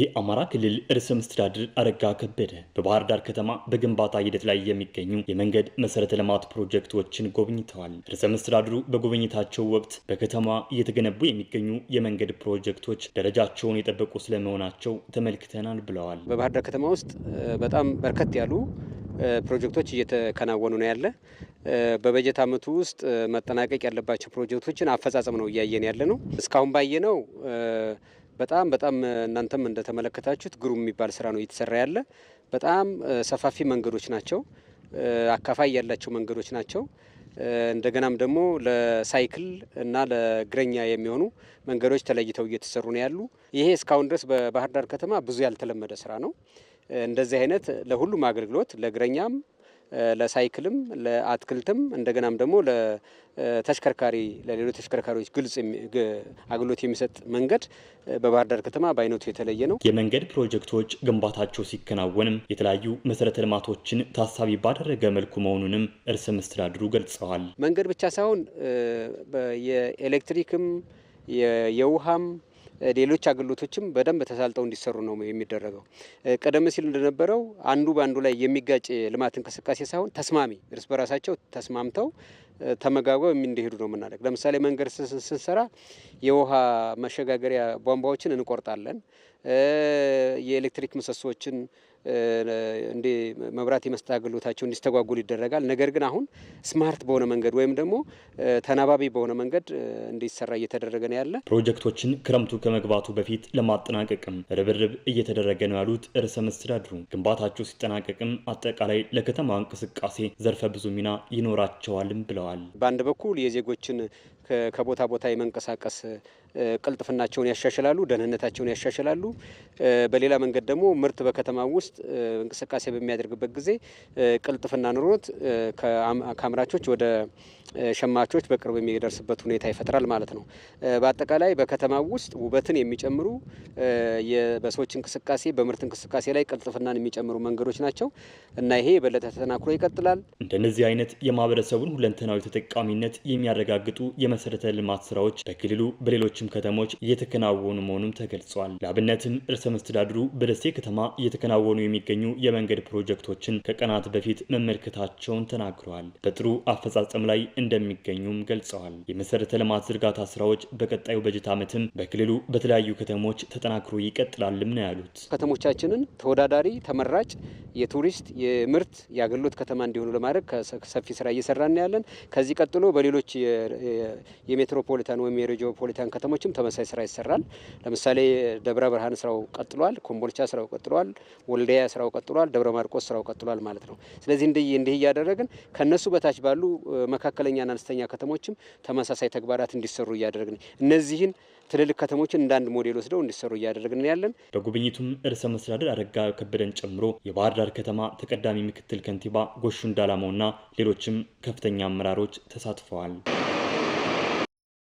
የአማራ ክልል ርዕሰ መስተዳድር አረጋ ከበደ በባህር ዳር ከተማ በግንባታ ሂደት ላይ የሚገኙ የመንገድ መሰረተ ልማት ፕሮጀክቶችን ጎብኝተዋል። ርዕሰ መስተዳድሩ በጉብኝታቸው ወቅት በከተማ እየተገነቡ የሚገኙ የመንገድ ፕሮጀክቶች ደረጃቸውን የጠበቁ ስለመሆናቸው ተመልክተናል ብለዋል። በባህር ዳር ከተማ ውስጥ በጣም በርከት ያሉ ፕሮጀክቶች እየተከናወኑ ነው ያለ በበጀት ዓመቱ ውስጥ መጠናቀቅ ያለባቸው ፕሮጀክቶችን አፈጻጸም ነው እያየን ያለ ነው። እስካሁን ባየነው በጣም በጣም እናንተም እንደተመለከታችሁት ግሩም የሚባል ስራ ነው እየተሰራ ያለ። በጣም ሰፋፊ መንገዶች ናቸው፣ አካፋይ ያላቸው መንገዶች ናቸው። እንደገናም ደግሞ ለሳይክል እና ለእግረኛ የሚሆኑ መንገዶች ተለይተው እየተሰሩ ነው ያሉ። ይሄ እስካሁን ድረስ በባህር ዳር ከተማ ብዙ ያልተለመደ ስራ ነው። እንደዚህ አይነት ለሁሉም አገልግሎት ለእግረኛም ለሳይክልም ለአትክልትም እንደገናም ደግሞ ለተሽከርካሪ ለሌሎች ተሽከርካሪዎች ግልጽ አገልግሎት የሚሰጥ መንገድ በባህር ዳር ከተማ በአይነቱ የተለየ ነው። የመንገድ ፕሮጀክቶች ግንባታቸው ሲከናወንም የተለያዩ መሰረተ ልማቶችን ታሳቢ ባደረገ መልኩ መሆኑንም እርስ መስተዳድሩ ገልጸዋል። መንገድ ብቻ ሳይሆን የኤሌክትሪክም የውሃም ሌሎች አገልግሎቶችም በደንብ ተሳልጠው እንዲሰሩ ነው የሚደረገው። ቀደም ሲል እንደነበረው አንዱ በአንዱ ላይ የሚጋጭ ልማት እንቅስቃሴ ሳይሆን ተስማሚ፣ እርስ በራሳቸው ተስማምተው ተመጋግበው እንዲሄዱ ነው የምናደርግ። ለምሳሌ መንገድ ስንሰራ የውሃ መሸጋገሪያ ቧንቧዎችን እንቆርጣለን። የኤሌክትሪክ ምሰሶችን እንዴ መብራት አገልግሎታቸው እንዲስተጓጉል ይደረጋል። ነገር ግን አሁን ስማርት በሆነ መንገድ ወይም ደግሞ ተናባቢ በሆነ መንገድ እንዲሰራ እየተደረገ ነው ያለ። ፕሮጀክቶችን ክረምቱ ከመግባቱ በፊት ለማጠናቀቅም ርብርብ እየተደረገ ነው ያሉት ርዕሰ መስተዳድሩ ግንባታቸው ሲጠናቀቅም አጠቃላይ ለከተማ እንቅስቃሴ ዘርፈ ብዙ ሚና ይኖራቸዋልም ብለዋል። በአንድ በኩል የዜጎችን ከቦታ ቦታ የመንቀሳቀስ ቅልጥፍናቸውን ያሻሽላሉ፣ ደህንነታቸውን ያሻሽላሉ። በሌላ መንገድ ደግሞ ምርት በከተማ ውስጥ እንቅስቃሴ በሚያደርግበት ጊዜ ቅልጥፍና ኑሮት ከአምራቾች ወደ ሸማቾች በቅርብ የሚደርስበት ሁኔታ ይፈጥራል ማለት ነው። በአጠቃላይ በከተማ ውስጥ ውበትን የሚጨምሩ በሰዎች እንቅስቃሴ፣ በምርት እንቅስቃሴ ላይ ቅልጥፍናን የሚጨምሩ መንገዶች ናቸው እና ይሄ የበለጠ ተጠናክሮ ይቀጥላል። እንደነዚህ አይነት የማህበረሰቡን ሁለንተናዊ ተጠቃሚነት የሚያረጋግጡ የመሰረተ ልማት ስራዎች በክልሉ በሌሎችም ከተሞች እየተከናወኑ መሆኑም ተገልጿል። ለአብነትም ርዕሰ መስተዳድሩ በደሴ ከተማ እየተከናወኑ የሚገኙ የመንገድ ፕሮጀክቶችን ከቀናት በፊት መመልከታቸውን ተናግረዋል። በጥሩ አፈጻጸም ላይ እንደሚገኙም ገልጸዋል። የመሰረተ ልማት ዝርጋታ ስራዎች በቀጣዩ በጀት ዓመትም በክልሉ በተለያዩ ከተሞች ተጠናክሮ ይቀጥላልም ነው ያሉት። ከተሞቻችንን ተወዳዳሪ ተመራጭ የቱሪስት የምርት የአገልግሎት ከተማ እንዲሆኑ ለማድረግ ሰፊ ስራ እየሰራን ያለን። ከዚህ ቀጥሎ በሌሎች የሜትሮፖሊታን ወይም የሬጂዮፖሊታን ከተሞችም ተመሳሳይ ስራ ይሰራል። ለምሳሌ ደብረ ብርሃን ስራው ቀጥሏል፣ ኮምቦልቻ ስራው ቀጥሏል፣ ወልዲያ ስራው ቀጥሏል፣ ደብረ ማርቆስ ስራው ቀጥሏል ማለት ነው። ስለዚህ እንዲህ እያደረግን ከነሱ በታች ባሉ መካከለኛና አነስተኛ ከተሞችም ተመሳሳይ ተግባራት እንዲሰሩ እያደረግን እነዚህን ትልልቅ ከተሞችን እንደ አንድ ሞዴል ወስደው እንዲሰሩ እያደረግን ያለን። በጉብኝቱም ርዕሰ መስተዳድር አረጋ ከበደን ጨምሮ የባህር ዳር ባህር ከተማ ተቀዳሚ ምክትል ከንቲባ ጎሹ እንዳላመውና ሌሎችም ከፍተኛ አመራሮች ተሳትፈዋል።